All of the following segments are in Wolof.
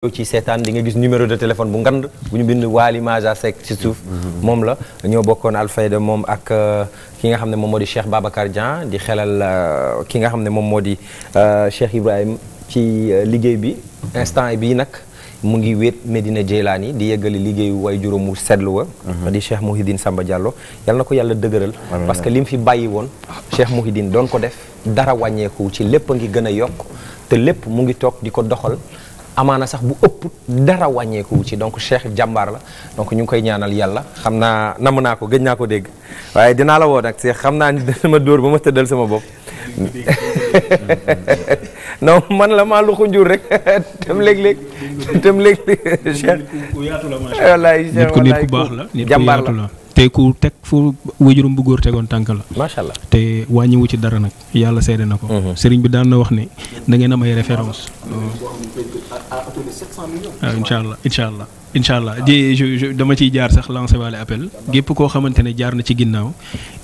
yow ci seetaan di nga gis numéro de téléphone bu ngand bu ñu bind Waly Maja Seck ci suuf moom la ñoo bokkoon Alfayda moom ak euh, ki nga xam ne moom moo di Cheikh Babacar Dian di xelal euh, ki nga xam ne moom moo di euh, Cheikh Ibrahim ci liggéey bi instant bi nag mu ngi wéet Medina Jeylaani di yeggali liggéeyu way juróom wu seetlu wa mhm. di Cheikh Mouhidine Samba Diallo yal na ko yàlla dëgëral parce que li mu fi bàyyi woon Cheikh Mouhidine doon ko def dara wàññeeku ci lépp a ngi gën a yokk te lépp mu ngi toog di ko doxal amaana sax bu ëpp dara wàññeeku ci donc Cheikh jàmbaar la donc ñu ngi koy ñaanal yàlla xam naa nam naa ko gëj naa ko dégg waaye dinaa la woo nag Cheikh xam naa ni sama dóor ba ma tëddal sama bopp non man la maa lu xunjur rek tam léeg-léeg tam léeg-léeg Cheikh wallaay nit ku baax la te ku teg fu wajurum bu góor tegoon tànk la. macha allah te wàññiwu ci dara nag yàlla seede na ko. Mhm. sëriñ bi daan na wax ne da ngeen am ay références. waaw mm-hmm. ah, incha allah incha allah incha dama ciy jaar sax lancé waale appel gépp koo xamante ne jaar na ci ginnaaw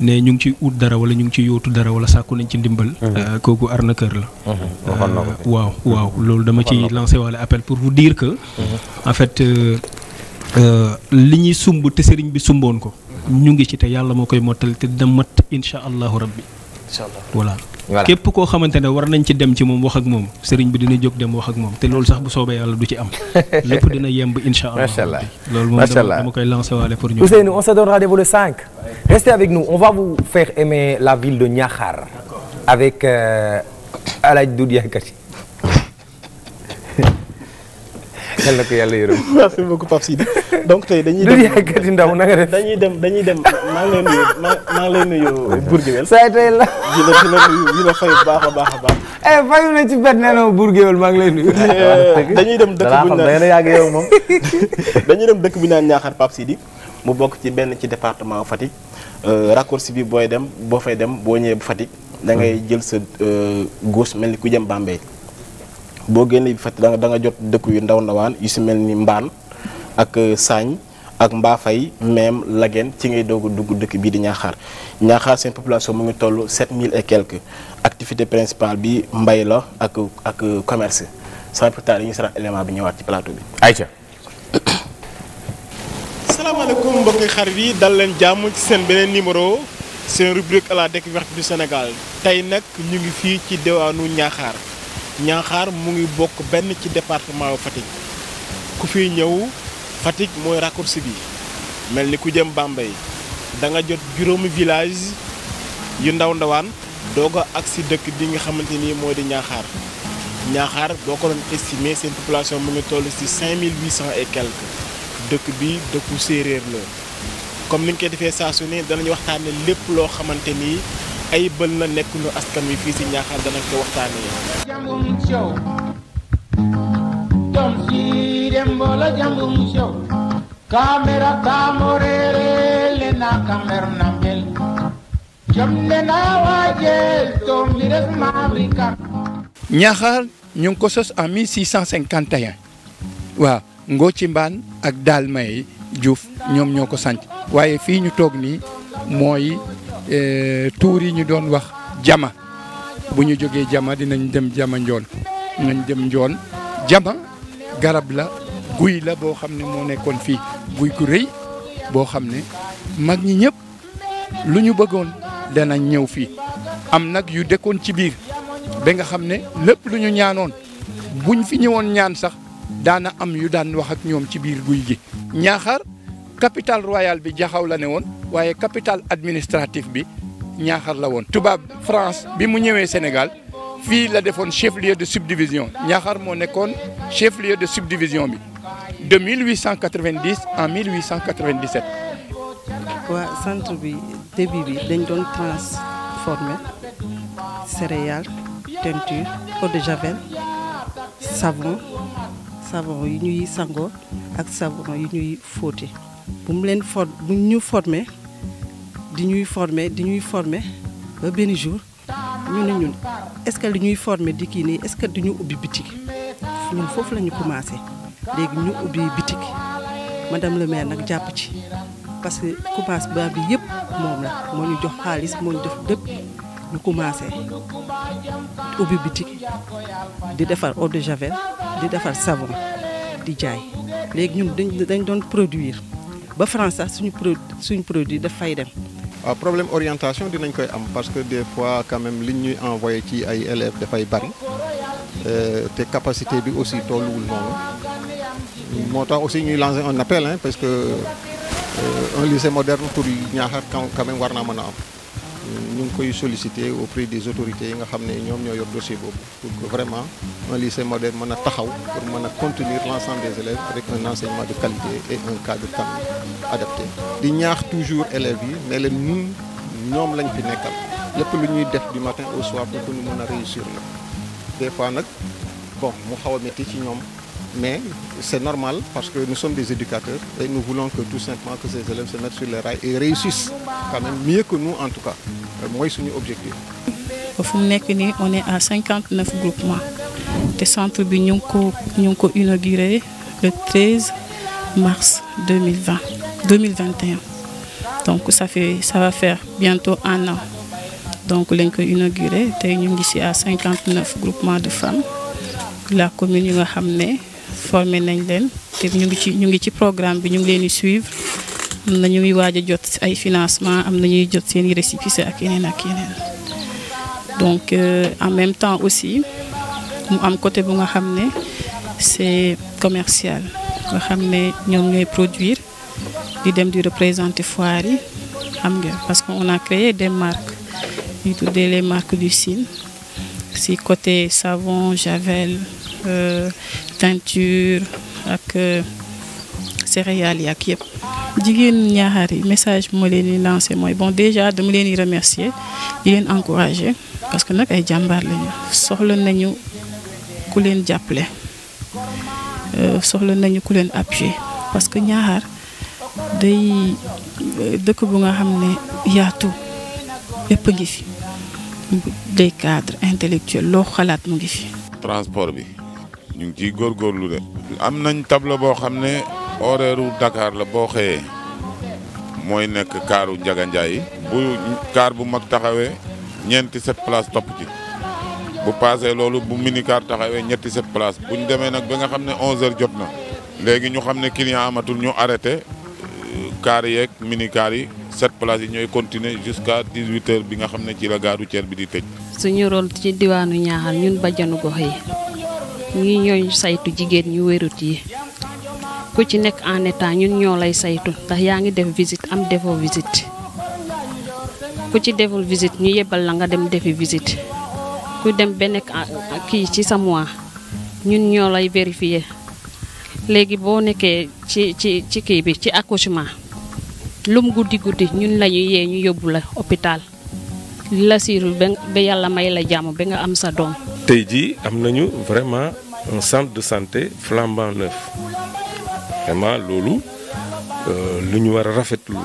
ne ñu ngi ci ut dara wala ñu ngi ci yóotu dara wala sàkku nañ ci ndimbal. Mhm. Ah, kooku arnaqueur la. Mhm. Ah, waaw waaw loolu dama ciy lancé waale appel pour vous dire que en fait euh, euh, li ñuy sumb te sëriñ bi sumboon ko. ñu ngi ci te yàlla moo koy mottali te dina mat incha allahu rabbi. incha allah képp koo xamante ne war nañ ci dem ci moom wax ak moom seriñ bi dina jóg dem wax ak moom te loolu sax bu soobee yàlla du ci am lépp dina yemb incha allah. macha allah loolu moom dama koy lancer waale pour ñu. Ousseynou on se donne rendez-vous le 5. restez avec nous on va vous la ville de Niakhar. avec El euh, yàlla na ko yàlla yërëm. merci beaucoup Pape Sidi donc tey dañuy dem du yàggati ndaw na nga def dañuy dem dañuy dem maa ngi maa ngi lay nuyu Bourguewel. saa tey la di la di la bu baax a baax a baax. Eh, fayu na ci benn noo Bourguewel maa ngi lay nuyu. Eh, dañuy dem dëkk yàgg yow dañuy dem dëkk bu ñu ñaaxar Niakhar Pape Sidi mu bokk ci benn ci département Fatick euh, raccourci bi booy dem boo fay dem boo ñëwee bu Fatick da ngay jël sa euh, gauche mel ni ku jëm Bambey boo génnee bi fekk da nga jot dëkk yu ndaw ndawaan yu si mel ni mbaan ak euh, saañ ak mbaafay même lageen ci ngay doog dugg dëkk bii di ñaaxaar ñaaxaar seen population mu ngi toll 7000 et quelques activité principale bi mbay la ak ak euh, commerce sans plus tard yi ñu saraan élément bi ñëwaat ci plateau bi Aïcha salaamaaleykum mbokki xarit yi dal leen jàmm ci seen beneen numéro seen rubrique à la découverte du Sénégal tey nag ñu ngi fii ci diwaanu ñaaxaar Ñaaxaar mu ngi bokk benn ci département wu ku fi ñëw Fatick mooy raccourci bi mel ni ku jëm Bambey da nga jot juróomi village yu ndaw ndawaan doog ak agsi dëkk bi nga xamante ni moo di Ñaaxaar Ñaaxaar boo ko doon estimé seen population mu ngi toll ci 5800 et quelques dëkk bi dëkku séeréer la comme ni ñu koy defee saa su ne danañ waxtaan lépp loo xamante nii ay bël na nekk nu askan wi fii si Ñaaxar danañ ko waxtaanee. jàmbum sew doom si dembo la jàmbum sew kamera taamoreere le na kamer na mbel jom le na waajel doom ñu ngi ko sos en 1651 waaw Ngothie Mbane ak Dalmaye Diouf ñoom ñoo ko sanc waaye fii ñu toog nii mooy Eh, tuur yi ñu doon wax jama bu ñu jógee jama dinañ dem jama njoon nañ dem njoon jama garab la guy la boo xam ne moo nekkoon fii guy gu rëy boo xam ne mag ñi ñëpp lu ñu bëggoon danañ ñëw fii am nag yu dëkkoon ci biir ba nga xam ne lépp lu ñu ñaanoon buñ fi ñëwoon ñaan sax daana am yu daan wax ak ñoom ci biir guy gi ñaaxaar capitale royale bi jaxaw la ne woon waaye capital administratif bi ñaaxar la woon tubaab France bi mu ñëwee Sénégal fii la defoon chef lieu de subdivision ñaaxar moo nekkoon chef lieu de subdivision bi de 1890 en 1897. waa centre bi début bi dañ doon transformer céréales teinture eau de javel savon savon yu ñuy sangoo ak savon yu ñuy fóote bu mu leen for bu ñu formé. di ñuy former di ñuy former ba benn jour ñu ne ñun est-ce que li ñuy former di kii nii est-ce que du ñu ubbi bitik ñun foofu la ñu commencé léegi ñu ubbi bitik madame le maire nag jàpp ci parce que commencement bi yëpp moom la moo ñu jox xaalis moo ñu def dëpp ñu commencé ubbi bitik di defar eau de javel di defar savon di jaay léegi ñun dañ dañ doon produir ba France suñu pro suñu produit daf fay dem waaw euh, problème orientation dinañ koy am parce que des fois quand même liñ ñuy envoyé ci ay élèves dafay bari euh, te capacité bi aussi tolluwul noonu moo tax aussi ñuy lancer un appel parce que euh, un lycée moderne pour Niakhar quand même war naa mën a am. ñu ngi koy solliciter auprès des autorités yi nga xam ne ñoom ñoo yor dossier boobu pour que vraiment un lycée moderne mën a taxaw pour mën a contenir l'ensemble des élèves avec un enseignement de qualité et un cadre tam adapté di ñaax toujours élèves yi ne leen ñun ñoom lañ fi nekkal lépp lu ñuy def du matin au soir pour que ñu mën a réussir la des fois nag bon mu xaw a métti ci ñoom mais c'est normal parce que nous sommes des éducateurs et nous voulons que tout simplement que ces élèves se mettent sur les rails et réussissent mieux que nous en tout cas euh, mooy suñu objectif. fu mu nekk nii on est à 59 groupements te centre bi ñu ngi ko ñu ngi ko inauguré le 13 mars 2020 2021 donc ça fait ça va faire bientôt un an donc lañ ko inauguré tey ñu ngi si à 59 groupements de femmes la commune yi nga xam ne. formé nañ leen te ñu ngi ci ñu ngi ci programme bi ñu ngi leen di suivre am na ñuy waaj a jot ay financement am na ñuy jot seen i récépissé ak yeneen ak yeneen donc euh, en même temps aussi mu am côté bu nga xam ne c'est commercial nga xam ne ñoom ñooy produire di dem di représenter foire yi xam nga parce que on a créé des marques ñu tuddee les marques du Sine si côté savon Javel Euh, teinture ak euh, céréales yi ak yëpp. jigéen ñaaxaar yi message bu ma leen di lancé mooy bon déjà dama leen yi remercier di leen encourager parce que nag ay jàmbaar lañu soxla nañu ku leen jàppale euh, soxla nañu ku leen appuyer parce que ñaaxaar day dëkk bu nga xam ne yaatu yëpp a ngi fi. day cadre intellectuel loo xalaat mu ngi fi. transport bi. ñu ngi ciy góorgóorlu de. am nañ tableau boo xam ne horaire u Dakar la boo xëyee mooy nekk kaaru Ndiaga Ndiaye bu kaar bu mag taxawee ñeenti sept place topp ci bu paasee loolu bu mini kaar taxawee ñetti sept place bu demee nag ba nga xam ne 11h jot na. léegi ñu xam ne client amatul ñu arrêté kaar yeeg mini kaar yi sept place yi ñooy continuer jusqu'à 18h bi nga xam ne ci la gare bi di tëj. suñu rôle ci diwaanu Niakhar ñun bajjanu gox yi. ñi ñooy saytu jigéen ñu wérut yi ku ci nekk en état ñun ñoo lay saytu ndax yaa ngi def visite am defoo visite ku ci deful visite ñu yebal la nga dem defi visite ku dem benn nekk kii ci sa mois ñun ñoo lay vérifier léegi boo nekkee ci ci ci kii bi ci accouchement lum guddi guddi ñun lañu yee ñu yóbbu la hôpital la siiru ba yàlla may la jàmm bi nga am sa doom. tey jii am nañu un centre de santé flambant neuf vraiment loolu euh, lu ñu war a rafetlu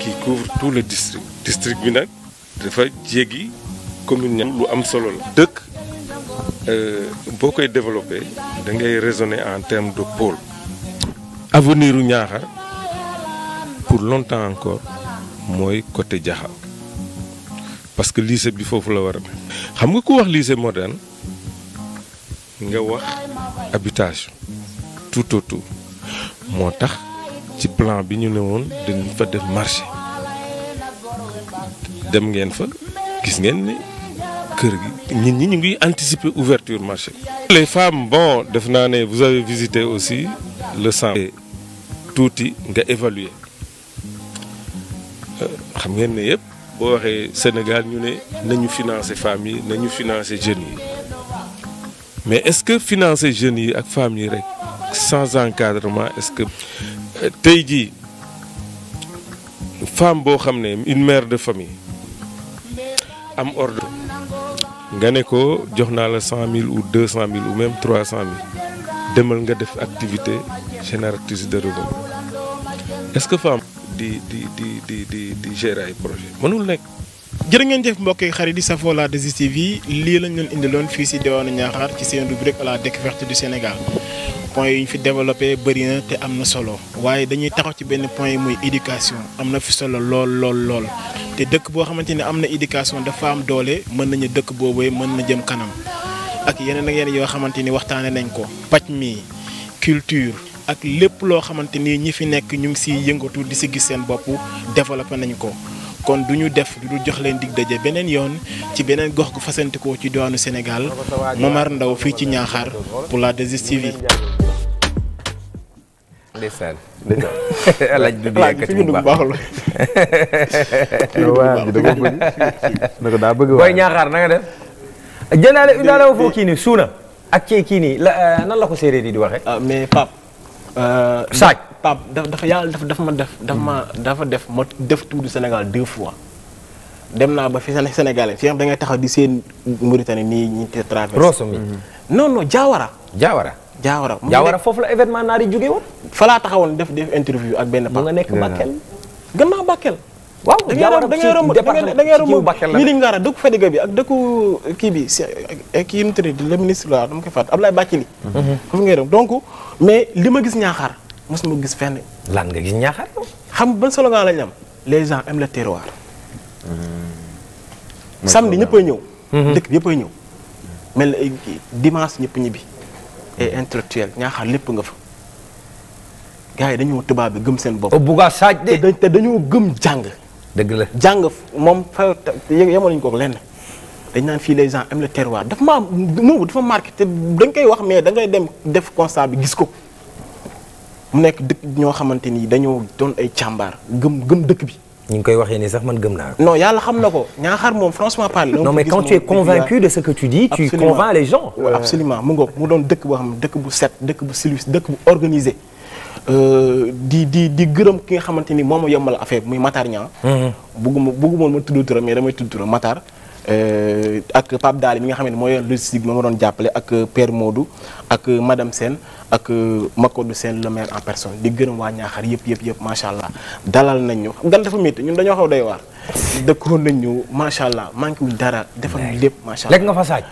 qui couvre tout le district district bi nag dafa jéggi commune lu am solo la dëkk euh, boo koy développé da ngay raisonner en terme de pôle avenir u Niakhar pour longtemps encore mooy côté Diakhao parce que lycée bi foofu la war a xam nga ko wax lycée moderne nga wax habitation tout tout moo tax ci plan bi ñu ne woon dañ fa def marché dem ngeen fa gis ngeen ni kër gi nit ñi ñu ngi anticiper ouverture marché les femmes bon def naa ne vous avez visité aussi le centre tuuti nga évaluer euh, xam ngeen ne yëpp boo waxee Sénégal ñu ne nañu financer femmes yi nañu financer jeunes yi mais est-ce que financer jeunes yi ak femmes yi rek sans encadrement est-ce que euh, tey jii femme boo xam ne une maire de famille am ordre nga ne ko jox naa la cent mille ou deux cent mille ou trois cent mille demal nga def activité génératrice de revenu est-ce que femme di di di di di di ay projet mënul nekk jërë ngeen jëf mbokk yi xarit di safoo la 2 lii lañ loon indiloon fii si diwaanu Niakhar ci seen rubrique à la découverte du Sénégal point yi ñu fi développé bëri na te am na solo waaye dañuy taxaw ci benn point yi muy éducation am na fi solo lool lool lool. te dëkk boo xamante ni am na éducation dafa am doole mën nañu dëkk boobu mën na jëm kanam ak yeneen ak yeneen yoo xamante ni waxtaane nañ ko paj mi culture. ak lépp loo xamante ni ñi fi nekk ñu ngi siy yëngatu di si gis seen bopp développé nañ ko. kon du ñu def du jox leen dig daje beneen yoon ci beneen gox gu fasantikoo ci doonu Sénégal Momar ndaw fii ci Ñaaxaar pour la 2STV. ndeysaan alaaj na ko daa bëgg booy ñaaxaar na nga def jëndaale indaale woo foo kii nii suuna ak cee kii la euh, nan la ko séeréer yi di waxe ah, mais Pape euh, saaj Pape dafa yàlla dafa ma def dafa ma hmm. dafa def ma de tour du Sénégal deux fois dem naa ba fi Sénégalais fi nga xam da ngay taxaw di seen Mauritanie nii ñu te traversé. no mi hmm. non non Diawara. Diawara. Diawara Diawara foofu la événement naar yi jóge woon. fa laa taxawoon def def interview ak benn. Pape nga nekk Bakel. gën naa Bakel. waaw Diawara da ngay romb da ngay romb Vélingara dëkku Fadiga bi ak dëkku kii bi eh, kii yi mu tudd ministre la dama koy fàtte Abdoulaye Bathily. Hmm. foofu ngay romb donc mais li ma gis Niakhar ma gis fen lan nga gis ñaaxal. xam solo slogan lañ am les gens aiment le terroir. Hmm. samedi ñëpp ñëw. Hmm. dëkk bi ay ñëw. mel dimanche ñëpp ñibbi. et intellectuel ñaaxal lépp nga fa. gars yi dañoo tubaab bi gëm seen bopp. Oh, bugg a saaj de te dañu gëm jàng. dëgg la jàng moom fa yemoon nañu ko lenn. dañ naan fii les gens aiment le terroir dafa maa moom dafa marqué te dañ koy wax mais dangay dem def constat bi gis ko. mu nekk dëkk ñoo xamante ni dañoo doon ay càmbaar gëm gëm dëkk bi. ñu ngi koy waxee nii sax man gëm naa no yàlla xam na ko ñaaxaar moom franchement parlé. non mais quand tu es convaincu de ce que tu dis. tu convaincs les gens. absolument mu xam ne dëkk bu set dëkk bu silus dëkk bu organisé. Euh, di di di gërëm ki nga xamante ni moom a yombal affaire muy Matar Niang. Mm-hmm. bëgguma bëgguma ma tudd turam mais damay tudd turam Matar. Euh, ak Pape Daly mi nga xam ne mooy logistique bi ma doon jàppale ak Père Modou ak Madame Sène ak euh, Makodou Sène le maire en personne di gërëm waa Ñaaxar yëpp yëpp yëpp macha allah dalal nañ ñu xam gan dafa métti ñun dañoo xaw doy waar. dëkkoon nañ ñu macha allah manqué wul dara. defal ñu lépp macha allah lekk nga fa saaj.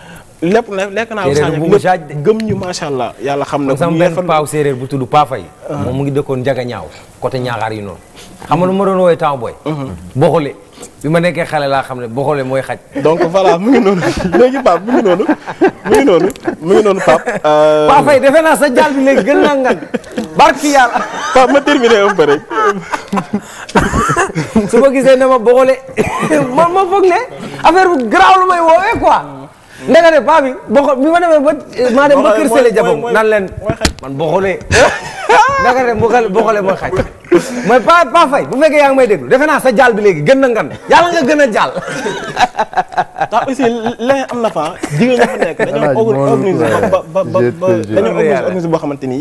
lekk naa ko saa gëm ñu macha allah yàlla xam sama benn paaw séeréer bu tudd Paa uh-huh. moom mu ngi dëkkoon Njaga Ñaaw côté Ñaaxar yi noonu. Uh-huh. xam nga ma doon woowee temps booy. boo bi ma nekkee xale laa xam ne boo xoolee mooy xaj. donc voilà mu ngi noonu léegi Pape mu ngi noonu mu ngi noonu mu ngi noonu Pape. Euh, Pape Faye defe naa sa jàll bi léegi gën naa ngan barki yàlla. Pape ma terminé un peu rek. su ma gisee ne ma boo xoolee man ma foog ne affaire bu garaaw lu may woowee quoi. naka baa paa bi boo xoo bi ma demee ba eh, maa dem ba kër Sele Jabong nan leen man boo xoolee naka ne boo xoolee mooy xaj mooy paa paa fay bu fekkee yaa ngi may déglu defe naa sa jaal bi léegi gën na ngan yàlla nga gën a jaal. ndax aussi leneen am na fa jigéen ña fa nekk dañoo organiser ba ba ba boo xamante ni.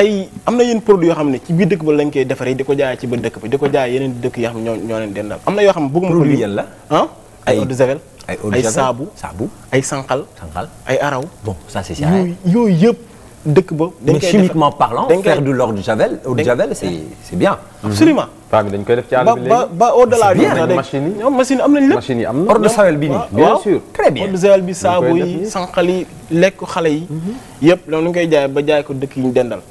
ay am na yenn produit yoo xam ne ci biir dëkk ba lañ koy defaree di ko jaayee ci ba dëkk bi di ko jaayee yeneen dëkk yoo xam ñoo ñoo leen dendal am na yoo xam ne bëgguma. produit yàlla ah ay du de ay eau de javel saabu saabu ay sànqal. sànqal ay araw. bon ça c'est yooyu yëpp dëkk ba. dañ koy def mais chimiquement parlant. faire de l'eau de javel eau de javel c'est bien. absolument mm-hmm. koy def ci àll ba ba au delà. de machine yi machine ah, am nañ lépp machine yi am na. eau de javel bi nii ah, bien sûr très bien saabu yi sànqal yi lekk xale yi. Mm-hmm. yëpp loolu ñu koy jaay ba jaay ko dëkk yi ñu dendal.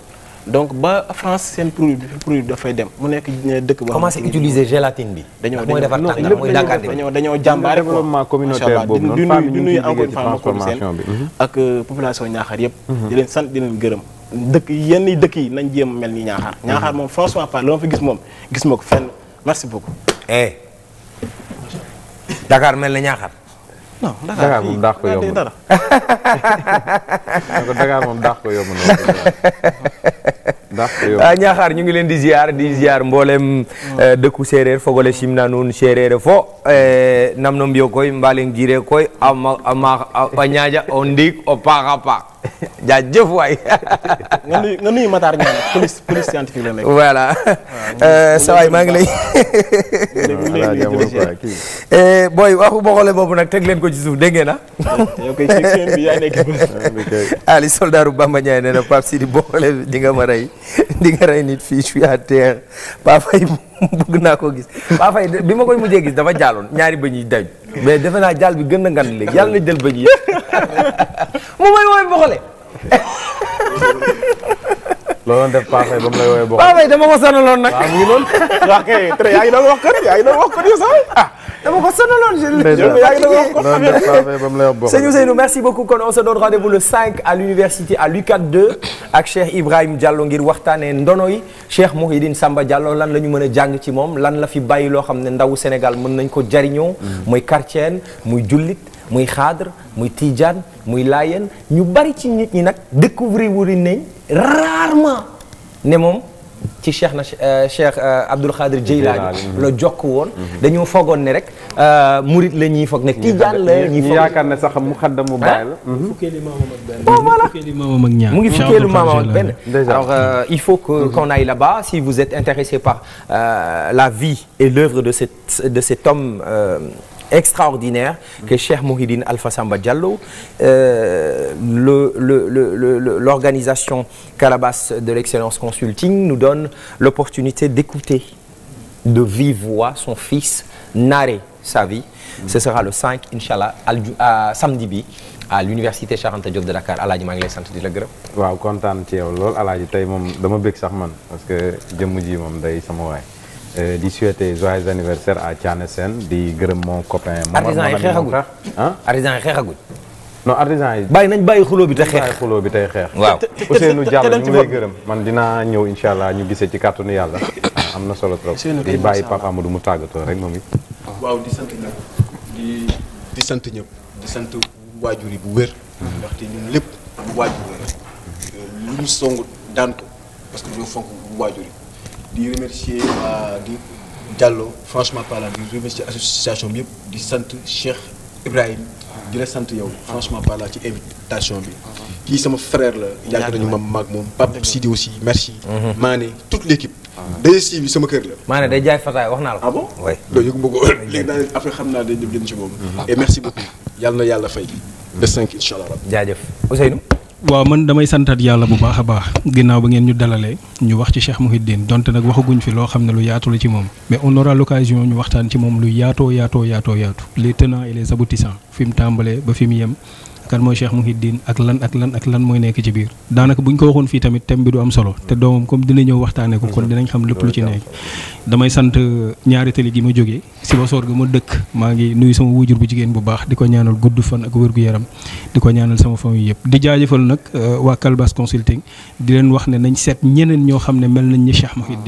donc ba France seen produit bi produit dafay dem mu nekk dëkk boo. commencé utiliser gélatine bi. dañoo dañoo dañoo dañoo jàmbaare quoi développement communautaire boobu noonu femme yi ñu ngi liggéey ci transformation bi ak euh, population Niakhar yëpp. Mhm. di sant di leen gërëm. dëkk yenn dëkk yi nañ jéem mel ni Niakhar. Mhm. Niakhar moom François Paar la ma fi gis moom gis ma ko fenn merci beaucoup. Eh, Dakar mel na Niakhar. non Dakar moom daax ko yomb dara Dakar moom daax ko yomb na waaw ñaaxaar ñu ngi leen di ziar di mm. eh, dëkku séeréer fogole simna nuun séeréer fo eh, nam no mbiyo koy mbaleng jire koy ama ama a ñaaƴa o ndiig o jaajëf waay. nga nuyu nga nuyu Matar Niang police police scientifique la nekk. voilà euh, saa waay maa ngi lay. Euh, booy waxu boxole boobu nag teg leen ko ci suuf dégg ngeen ah. ah Ali soldaaru Bamba Ndiaye nee na Pape Sidi boxole di nga ma rey di nga rey nit fii je suis à terre Pape naa ko gis Pape Faye bi ma koy mujjee gis dafa jaaloon ñaari bëñ yi daj mais defe naa jaal bi gën na ngan léegi yàlla na jël bëñ mu may woowee boxale. looloon def Pafay ba mu lay woowee boxale. Pafay dama ko sonaloon nag. waaw mu ngi ah, dama ko sonaloon looloon def Pafay ba mu lay woowee boxale. sëñ merci beaucoup kon on se donne rendez-vous le à l'université à l'UCAD 2 ak Cheikh Ibrahim Diallo ngir waxtaanee ndono yi Cheikh Mouhidine Samba Diallo lan la ñu mën a jàng ci moom lan la fi bàyyi loo xam ne ndawu Sénégal mën nañ ko jariñoo mm. muy chrétien muy jullit muy xaadr muy tiijan muy laayeen ñu bari ci nit ñi nag découvrir wuri nañ rarement ne moom ci euh, cheikh na cheikh Abdul Xaadir Jeylaani mhm. la jokk woon. Mhm. dañoo foogoon ne rek euh, murit la ñuy foog ne. tijaan la ñuy foog ñu yaakaar ne sax mu xaddam mu bàyyi la. Mhm. fukkeelu maamam ak benn. voilà euh, il faut que qu'on aille là-bas si vous êtes intéressé par la vie et l'œuvre de cet de cet homme. extraordinaire que Cheikh Mouhidine Alpha Samba Diallo euh, le le le le l'organisation Calabas de l'Excellence Consulting nous donne l'opportunité d'écouter de vive voix son fils narrer sa vie mm. ce sera le 5 inchallah à bi à l'université Cheikh Anta Diop de Dakar alaaji maa ngi sant di la gërëm. waaw kontaan ci yow lool alaaji tey moom dama bëgg sax man parce que jëmm ji moom day sama waay. Euh, di souhaiter joyeux anniversaire à Thiané Sène di gërëm mon copain. artisan yi xeexaguñ ah artisan yi xeexaguñ. non artisan yi. bàyyi nañ bàyyi xuloo bi tey xeex bàyyi xuloo bi tey xeex. waaw Ousseynou Diallo ñu ngi lay gërëm. man dinaa ñëw incha allah ñu gisee ci kàttanu yàlla. am na solo trop di bàyyi Papa Amadou mu tàggatoo rek moom it. waaw di sant ñëpp di sant ñëpp di sant waajur yi bu wér. ndaxte ñun lépp waajur la euh, lu ñu daan ko parce que ñoo fonk waajur yi di remercier euh, di Diallo franchement parlant di remercier association bi yëpp di sant Cheikh Ibrahim di la sant yow franchement parlant ci invitation bi kii sama frère la yàgg nañu ma maag moom Pape Sidi aussi merci mhm. Mané toute l'équipe dasi bi sama kër la maanaam day jaay fataay wax naa la ah bon oui loolu yëgu ma ko léegi daal après xam naa dañ dem jënd ci boobu mhm. et merci beaucoup yàlla na yàlla fay le 5 incha allah rabi waaw man damay santaat yàlla bu baax a baax ginnaaw ba ngeen ñu dalalee ñu wax ci Cheikh Mouhidine donte nag waxaguñ fi loo xam ne lu yaatu la ci moom mais on aura ñu waxtaan ci moom lu yaatoo yaatoo yaatoo yaatu les tenants et les fi mu tàmbalee ba fi yem kan mooy Cheikh Mouhidine ak lan ak lan ak lan mooy nekk ci biir daanaka bu ñu ko waxoon fii tamit thème bi du am solo te doomam comme dina ñëw waxtaanee ko kon dinañ xam lépp lu ci nekk. damay sant ñaari tali gi ma jógee Sibassor gi ma dëkk maa ngi nuyu sama wujur bu jigéen bu baax di ko ñaanal gudd fan ak wér gu yaram di ko ñaanal sama famille yëpp di jaajëfal nag euh, waa Calbas Consulting di leen wax ne nañ seet ñeneen ñoo xam ne mel nañ ni Cheikh Mouhidine